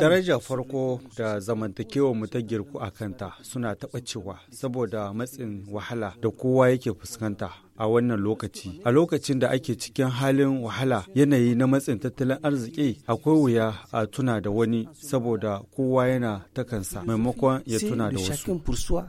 Daraja farko da zamantakewa mu ta girku a kanta suna taɓacewa saboda matsin wahala da kowa yake fuskanta a wannan lokaci. A lokacin da ake cikin halin wahala yanayi na matsin tattalin arziki akwai wuya a tuna da wani saboda kowa yana ta kansa maimakon ya tuna da wasu.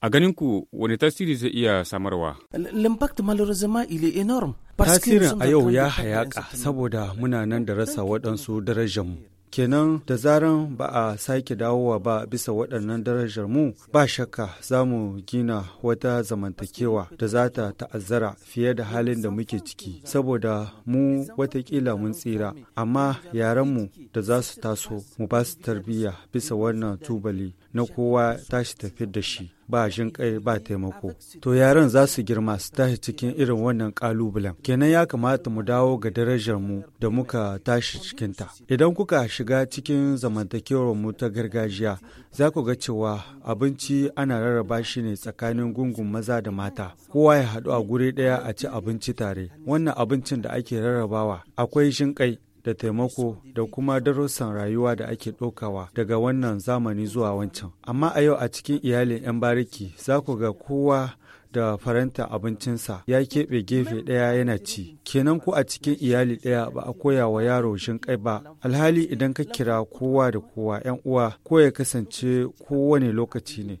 A ganin ku wani tasiri zai iya samarwa? L'impact malheureusement il est énorme. Tasirin a yau ya hayaƙa saboda muna nan da rasa waɗansu darajarmu. kenan da zaran ba a sake dawowa ba bisa waɗannan darajar mu ba shakka za mu gina wata zamantakewa da za ta ta'azzara fiye da halin da muke ciki saboda mu watakila mun tsira amma yaranmu da za su taso mu ba su tarbiyya bisa wannan tubali na kowa tashi tafi da shi ba jin kai ba taimako to yaran za su girma su tashi cikin irin wannan kalubalen kenan ya kamata mu dawo ga darajar mu da muka tashi cikinta idan kuka shiga cikin zamantakewar mu ta gargajiya za ku ga cewa abinci ana rarraba shi ne tsakanin gungun maza da mata kowa ya haɗu a guri ɗaya a ci abinci tare wannan abincin da ake rarrabawa akwai shinkai da taimako da kuma darussan rayuwa da ake ɗaukawa daga wannan zamani zuwa wancan. Amma a yau a cikin iyalin 'yan bariki za ku ga kowa da faranta abincinsa ya keɓe gefe ɗaya yana ci kenan ku a cikin iyali ɗaya ba a koya wa yaro shin kai ba alhali idan ka kira kowa da kowa yan uwa ko ya kasance kowane lokaci ne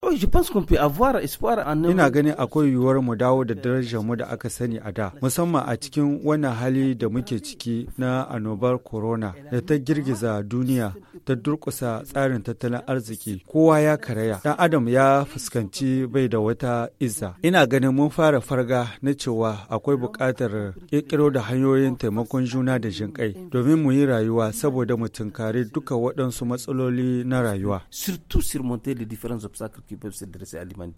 avoir espoir nan. Ina ganin akwai yiwuwar mu dawo da darajar mu da aka sani a da, musamman a cikin wannan hali da muke ciki na annobar corona da ta girgiza duniya ta durkusa tsarin tattalin arziki. Kowa ya karaya, dan Adam ya fuskanci bai da wata izza. Ina ganin mun fara farga na cewa akwai buƙatar ƙirƙiro da hanyoyin taimakon juna da jinƙai domin mu yi rayuwa saboda mu tunkari duka waɗansu matsaloli na rayuwa. Surtout surmonter les différents obstacles peuvent s'adresser à